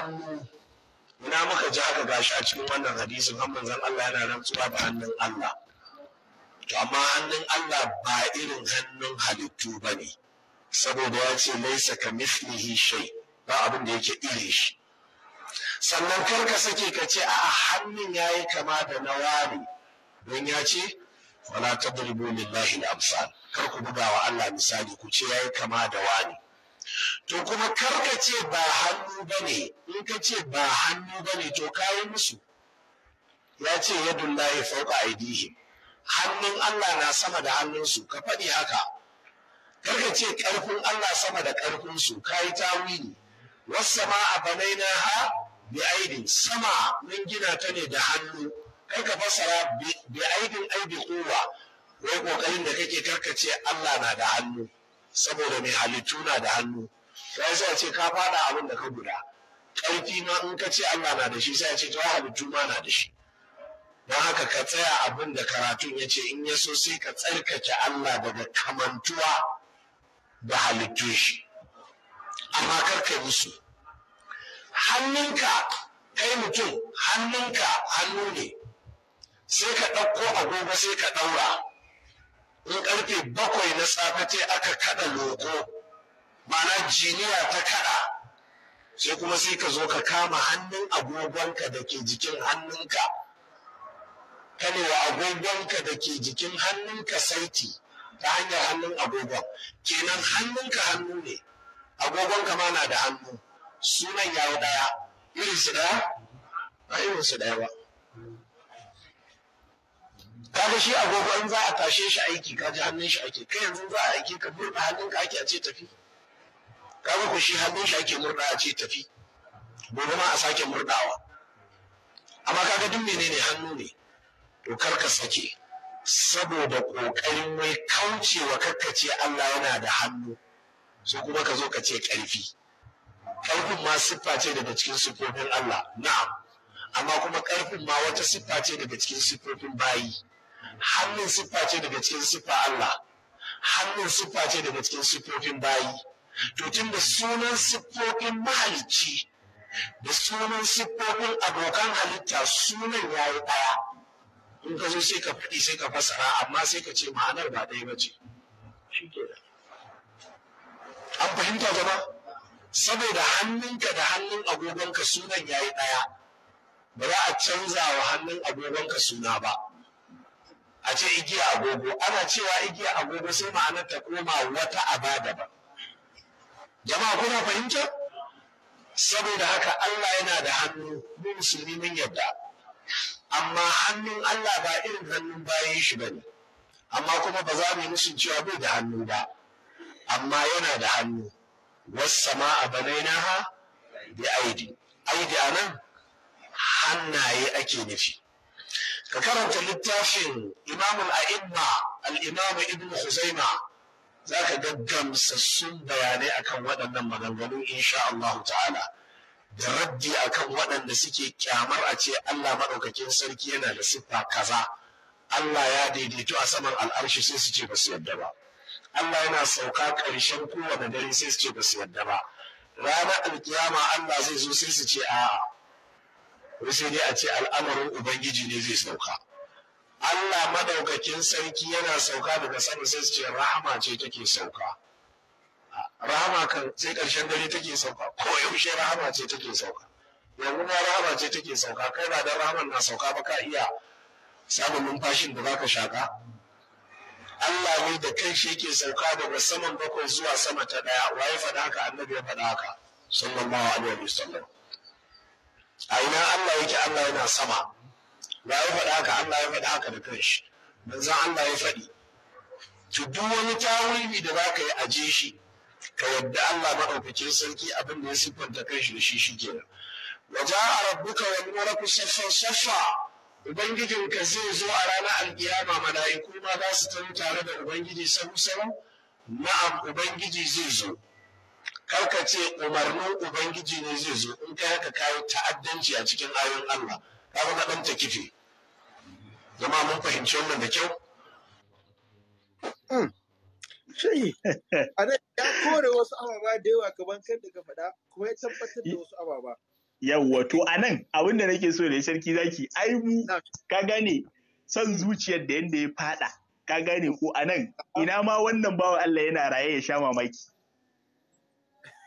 hannu ina muka ji haka gashi a cikin wannan hadisin har manzon Allah yana rantsuwa da hannun Allah to amma hannun Allah ba irin hannun halittu ba ne saboda ya ce laisa ka mislihi shay ba abin da yake iri shi sannan kar ka sake ka ce a hannun yayi kama da na wani don ya ce wala tadribu lillahi al-amsal kar ku buga wa Allah misali ku ce yayi kama da wani to kuma kar ka ce ba hannu ba ne in ka ce ba hannu ba ne to kayan musu ya ce yadun lahi fauka aidihim hannun Allah na sama da hannunsu ka faɗi haka kar ka ce ƙarfin Allah sama da ƙarfinsu ka yi tawili wasu ma a banaina ha bi aidin sama mun gina ta ne da hannu kar ka fasara bi aidin aidi kowa wai ƙoƙarin da kake karkace Allah na da hannu saboda mai halittu na da hannu sai sai ce ka fada abin da ka guda ƙarfi na in ka ce Allah na da shi sai ce to halittu juma na da shi don haka ka tsaya abin da karatun ya ce in ya so sai ka tsarkake Allah daga kamantuwa da halittu shi amma karka musu hannunka kai mutum hannunka hannu ne sai ka ɗauko agogo sai ka ɗaura in ƙarfe bakwai na safe aka kaɗa loko ma'ana jiniya ta kada sai kuma sai ka zo ka kama hannun agogonka da ke jikin hannunka Ka wa agogonka da ke jikin hannunka saiti ta hanyar hannun agogon kenan hannunka hannu ne agogonka ma na da hannu sunan yawo daya irin su daya a irin su daya ba Kada shi agogon za a tashe shi aiki kaji hannun shi ake kai yanzu za a aiki ka burba hannunka ake a ce tafi kaga ku shi hannun shi ake murda a ce tafi gobe ma a sake murdawa amma kaga duk menene hannu ne to kar ka sake saboda kokarin wai kaucewa ce Allah yana da hannu so kuma ka zo ka ce karfi ƙarfin ma siffa ce daga cikin siffofin Allah na'am amma kuma karfin ma wata siffa ce daga cikin siffofin bayi hannun siffa ce daga cikin siffa Allah hannun siffa ce daga cikin siffofin bayi to tun da sunan siffofin mahalicci da sunan siffofin abokan halitta sunan ya yi ɗaya in ka zo sai ka faɗi sai ka fasara amma sai ka ce ma'anar ba ɗaya ba ce an fahimta gaba saboda hannunka da hannun agogonka sunan ya yi ɗaya ba za a canza wa hannun agogonka suna ba a ce igiya agogo ana cewa igiya agogo sai ma'anar ta koma wata aba daban jama'a kuna fahimta saboda haka Allah yana da hannu mu musulmi mun yarda amma hannun Allah ba irin hannun bayan shi ne, amma kuma ba za mu yi musu cewa bai da hannu ba amma yana da hannu wassama'a banainaha bi aidi aidi anan hannaye ake nufi ka karanta littafin imamul a'imma al-imam ibn huzaima za ka ga gamsassun bayanai akan waɗannan maganganu insha Allah ta'ala da raddi akan waɗanda suke kyamar a ce Allah maɗaukakin sarki yana da siffa kaza Allah ya daidaito a saman al'arshi sai su ce ba su yadda ba Allah yana sauka ƙarshen kowane dare sai su ce ba su yadda ba ranar alkiyama Allah zai zo sai su ce a'a sai dai a ce al'amarin ubangiji ne zai sauka Allah madaukakin sarki yana sauka daga sama sai su ce rahama ce take sauka rahama kan sai ƙarshen dare take sauka ko yaushe rahama ce take sauka yanzu ma rahama ce take sauka kai ba dan rahama na sauka ba ka iya samun numfashin da zaka shaka Allah ne da kai shi yake sauka daga saman bakwai zuwa sama ta ɗaya. waye faɗa haka annabi ya faɗa haka sallallahu alaihi wasallam a ina Allah yake Allah yana sama a ya faɗa haka Allah ya faɗa haka da kanshi manzon Allah ya faɗi to duk wani tawili da za ka yi a ji shi ka yadda Allah maɗaukacin sarki abin da ya siffanta kanshi da shi shi ke nan wa ja'a rabbuka wal malaku saffan saffa ubangijinka zai zo a ranar alkiyama mala'iku ma za su taru tare da ubangiji sabu sabu na'am ubangiji zai zo Kar ka ce umarnin ubangiji ne zai zo in kai haka kawo ta'addanci a cikin ayoyin Allah kaga na ɗan ta kife zama mun fahimci wannan da kyau hmm. a nan ya kore wasu ababa da yawa gaban kan daga faɗa kuma ya tabbatar da wasu ababa yawwa to a nan abin da nake so da sarki zaki ai mu ka gane son zuciyar da yanda ya faɗa ka gane ko a nan ah. ina ma wannan bawa Allah yana raye ya sha mamaki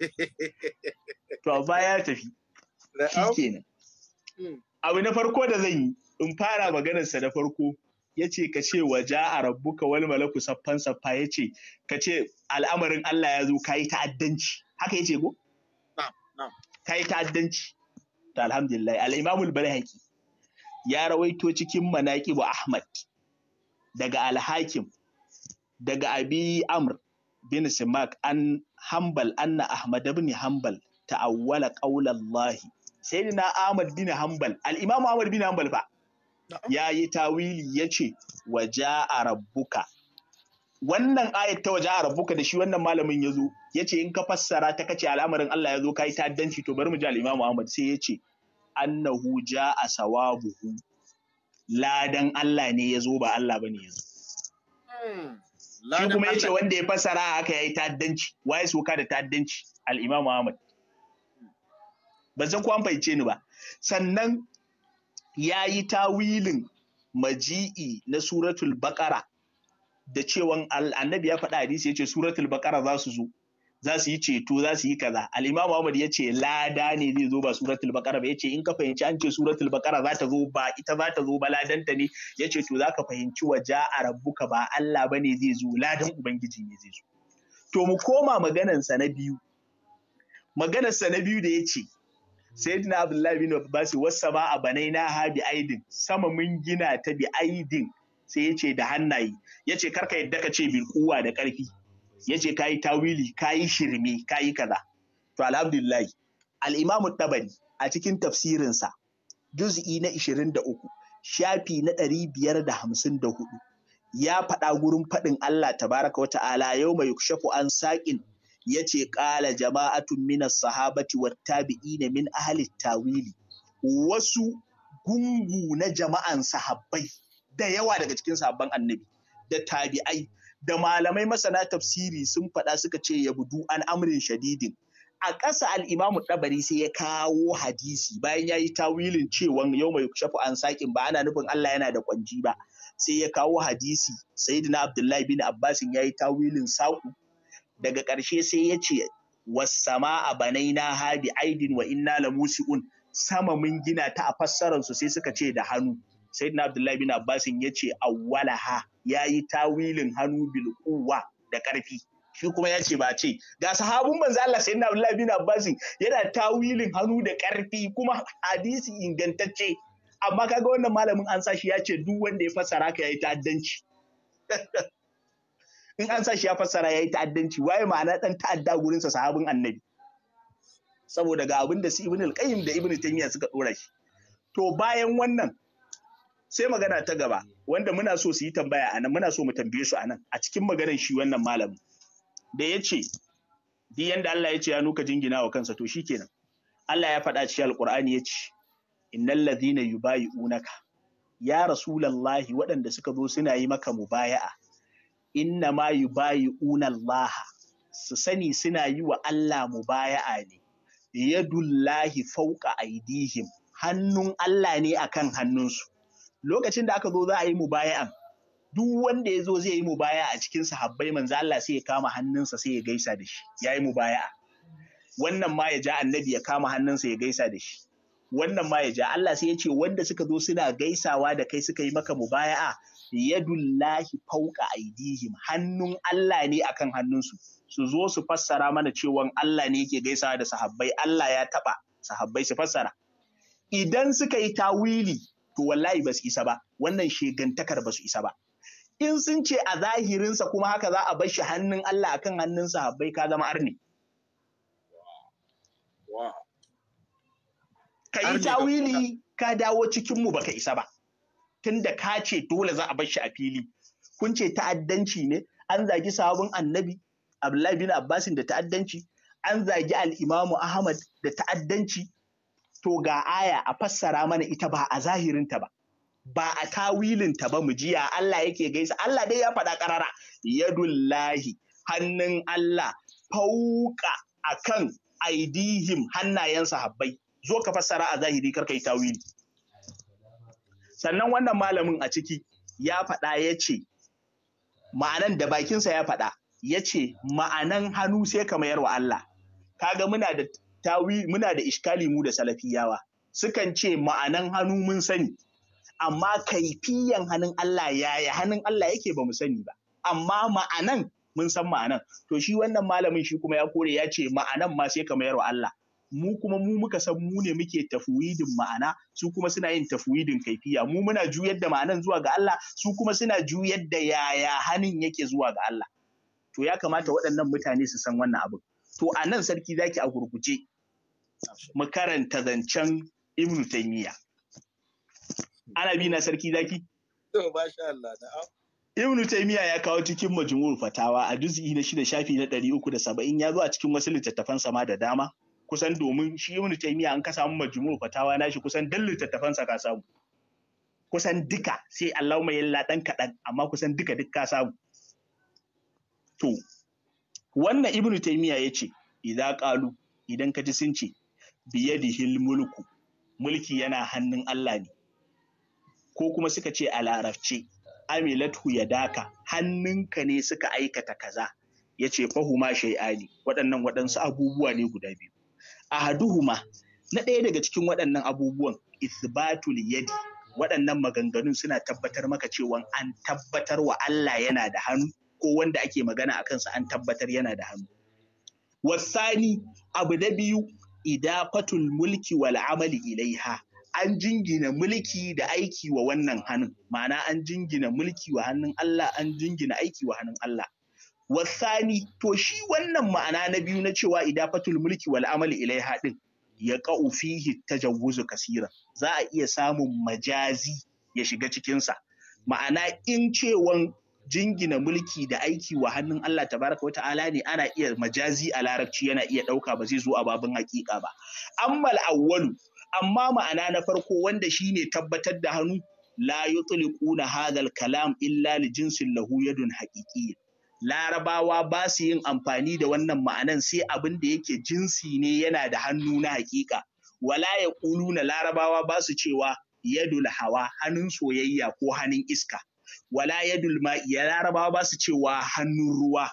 to a ya tafi shi kenan hmm. abu na farko da zan yi in fara maganarsa na farko ya ce ka ce wa ja'a rabbuka wal malaku saffan saffa ya ce ka ce al'amarin Allah ya zo kayi ta'addanci haka ya ce ko? kayi ta'addanci ta alhamdulillah al'imamul balhaki ya rawaito cikin manaƙibu Ahmad daga alhakim daga abi amr bin simak an hambal anna ahmad ibn hambal ta'awwala qawlallahi sayyidina Ahmad bin Hanbal al-Imam Ahmad bin Hanbal fa ya yi tawili yace ce waja a rabbuka wannan ayat ta waja a rabbuka da shi wannan malamin yazo zo in ka fassara ta kace al'amarin Allah ya zo ta danci to bari mu ji al-Imam Ahmad sai yace ce annahu ja'a sawabuhu ladan Allah ne yazo ba Allah bane yazo hmm. shi kuma ya ce wanda ya fassara haka ya yi ta'addanci waye soka da ta'addanci al-Imam Ahmad ba zan kuwa fahimce ni ba sannan ya yi tawilin maji'i na suratul bakara da cewan annabi ya faɗa hadisi ya ce suratul bakara za su zo za su yi ceto za su yi kaza al'imam Muhammad ya ce lada ne zai zo ba suratul baqara ba ce in ka fahimci an ce suratul baqara za ta zo ba ita za ta zo ba ladan ta ne ce to za ka fahimci wa a rabbuka ba Allah bane zai zo ladan ubangiji ne zai zo to mu koma maganarsa na biyu maganar na biyu da ya ce. sayyidina abdullahi bin abbas wasa ba a banai na ha aidin sama mun gina ta bi aidin sai yace da hannaye yace karka yadda ka ce bil kuwa da karfi yace kayi tawili kayi shirme kai kaza to alhamdulillah al imam tabari a cikin tafsirinsa juz'i na 23 shafi na 554 ya faɗa gurin faɗin Allah tabaraka wa ta'ala yau mai yukshafu an saƙin yace qala jama'atun mina sahabati wa tabi'i na min ahli tawili wasu gungu na jama'an sahabbai da yawa daga cikin sahabban annabi da tabi'ai da malamai masana tafsiri sun faɗa suka ce ya budu an amrin shadidin a ƙasa al'imamu ɗabari sai ya kawo hadisi bayan ya yi tawilin cewan yau mai shafi an sakin ba ana nufin Allah yana da kwanji ba sai ya kawo hadisi sayyidina abdullahi bin abbasin ya yi tawilin saƙu daga ƙarshe sai ya ce wasama a banai na hadi aidin wa inna la musi'un sama mun gina ta a su sai suka ce da hannu sai na abdullahi bin abbasin ya ce ha ya yi tawilin hannu bil da ƙarfi shi kuma ya ce ba ce ga sahabun manzo Allah sai na Abdullahi bin Abbas yana tawilin hannu da ƙarfi kuma hadisi ingantacce amma kaga wannan malamin an shi ya ce duk wanda ya fassara ka yayi ta'addanci in an sa shi ya fassara ya yi ta'addanci waye ma'ana dan ta'adda gurin sa sahabin annabi saboda ga abin da su ibn al-qayyim da ibn taymiya suka dora shi to bayan wannan sai magana ta gaba wanda muna so su yi tambaya anan muna so mu tambaye su anan a cikin maganar shi wannan malamin da ya ce duk yanda Allah ya ce ya nuka jingina wa kansa to shikenan Allah ya faɗa cikin alqur'ani ya ce innal ladhina yubayi'unaka ya rasulallahi waɗanda suka zo suna yi maka mubaya'a inna ma unan unallaha su sani suna yi wa Allah mubaya'a ne yadullahi fauka aidihim hannun Allah ne akan hannunsu lokacin da aka zo za a yi mubaya'an duk wanda ya zo zai yi mu mubaya'a a cikin sahabbai manzo Allah sai ya kama hannunsa sai ya gaisa da shi ya yi mubaya'a wannan ma ya ja annabi ya kama hannunsa ya gaisa da shi wannan ma ya ja Allah sai ya ce wanda suka zo suna gaisawa da kai suka yi maka mubaya'a yadullahi fauqa aidihim hannun Allah ne akan hannunsu su zo su fassara mana cewa Allah ne yake gaisawa da sahabbai Allah ya taba sahabbai su fassara idan suka yi tawili to wallahi ba su isa ba wannan shegantakar ba su isa ba in sun ce a zahirinsa kuma haka za a bar shi hannun Allah akan hannun sahabbai ka zama arni ka yi tawili ka dawo cikin mu baka isa ba tunda ka ce dole za a bar shi a fili kun ce ta'addanci ne an zagi sabon annabi Abdullahi bin Abbas da ta'addanci an zagi al'imamu Ahmad da ta'addanci to ga aya a fassara mana ita ba a zahirinta ba ba a tawilinta ba mu jiya Allah yake gaisa Allah dai ya faɗa ƙarara yadullahi hannun Allah fauka akan aidihim hannayen sahabbai zo ka fassara a zahiri kar kai tawili sannan wannan malamin a ciki ya faɗa ya ce ma'anan da bakinsa ya faɗa ya ce ma'anan hannu sai ka mayar wa Allah kaga muna da tawi muna da iskali mu da salafiyawa sukan ce ma'anan hannu mun sani amma kaifiyan hannun Allah yaya hannun Allah yake ba mu sani ba amma ma'anan mun san ma'anan to shi wannan malamin shi kuma ya kore ya ce ma'anan ma sai ka mayar wa Allah mu kuma mu muka san mu ne muke tafwidin ma'ana su kuma suna yin tafwidin kaifiya mu muna juyar da ma'anan zuwa ga Allah su kuma suna juyar da yaya hanin yake zuwa ga Allah to ya kamata waɗannan mutane su san wannan abin to a nan sarki zaki a gurguje mu karanta zancen ibn taymiya ana bi na sarki zaki to masha Allah na'am Ibn Taymiya ya kawo cikin majmu'ul fatawa a juz'i na shida shafi na ɗari uku da saba'in ya zo a cikin wasu littattafan sama da dama kusan domin shi ibnu taimiya an ka samu majmu fatawa na shi kusan duk sa ka samu kusan duka sai Allahumma yalla dan kaɗan amma kusan duka duk ka samu to wannan ibnu taymiya yace idan qalu idan ka ji sun ce biyadihil mulku mulki yana hannun Allah ne ko kuma suka ce a larabce amilatu ya daka hannunka ne suka aikata kaza ya ce fahuma shai'ani waɗannan waɗansu abubuwa ne guda biyu A ahaduhuma na ɗaya daga cikin waɗannan abubuwan isbatul yadi waɗannan maganganun suna tabbatar maka cewa an tabbatar wa Allah yana da hannu ko wanda ake magana a kansa an tabbatar yana da hannu wasani abu na biyu idafatul mulki wal amali ilaiha an jingina mulki da aiki wa wannan hannun ma'ana an jingina mulki wa hannun Allah an jingina aiki wa hannun Allah wasani to shi wannan ma'ana na biyu na cewa idan fatul mulki wal amali ilai haɗin, ya ƙa'u fihi tajawuzu kasira za a iya samun majazi ya shiga cikinsa ma'ana in cewan jingina mulki da aiki wa hannun Allah tabaraka wata'ala ne ana iya majazi a larabci yana iya ɗauka ba zai zo a babin hakika ba ammal awwalu amma ma'ana na farko wanda shine tabbatar da hannu la yutliquna hadha al-kalam illa li jinsin lahu yadun haqiqiyya larabawa ba su yin amfani da wannan ma'anan sai abin da yake jinsi ne yana da hannu na hakika wala ya ƙulu na larabawa ba su cewa yadul hawa hannun soyayya ko hannun iska wala yadul ma ya larabawa ba su cewa hannun ruwa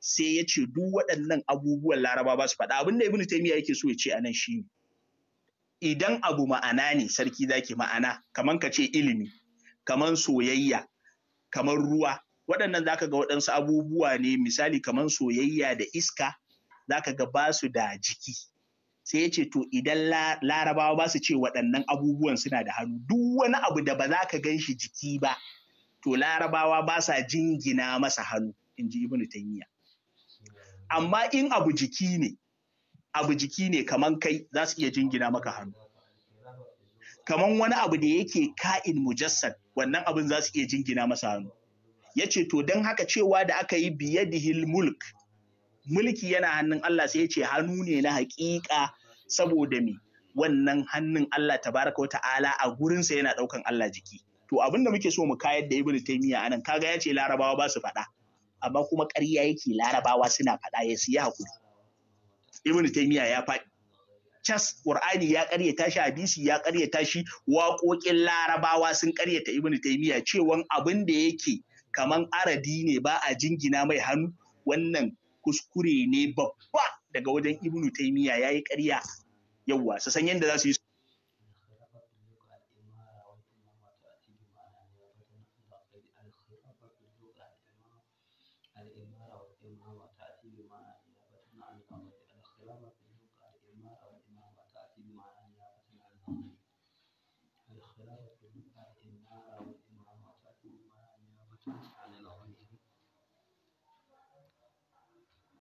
sai ya ce duk waɗannan abubuwan larabawa ba su faɗa abin da ibnu taymiya yake so ya ce anan shi idan abu ma'ana ne sarki zaki ma'ana kaman ka ce ilimi kaman soyayya kaman ruwa waɗannan za ka ga waɗansu abubuwa ne misali kamar soyayya da iska Za ka ga ba su da jiki sai ya ce to idan larabawa ba su ce waɗannan abubuwan suna da hannu duk wani abu da ba za ka gan shi jiki ba to larabawa ba sa jingina masa hannu in ji ibnu taymiya amma in abu jiki ne abu jiki ne kaman kai za su iya jingina maka hannu kaman wani abu da yake ka'in mujassad wannan abin za su iya jingina masa hannu ya ce to don haka cewa da aka yi biyadihil mulk mulki yana hannun Allah sai ya ce hannu ne na hakika. saboda me wannan hannun Allah tabaraka wa ta'ala a gurinsa yana ɗaukan Allah jiki to abinda muke so mu kayar da ibnu taymiya anan kaga ya ce larabawa ba su faɗa amma kuma ƙarya yake larabawa suna faɗa ya siya hakuri ibnu taymiya ya faɗi cas qur'ani ya ƙaryata shi hadisi ya ƙaryata shi waƙoƙin larabawa sun ƙaryata ibnu taymiya cewan abin da yake kaman aradi ne ba a jingina mai hannu wannan kuskure ne babba daga wajen ibnu taimiya ya yi ƙarya yauwa su yadda za su yi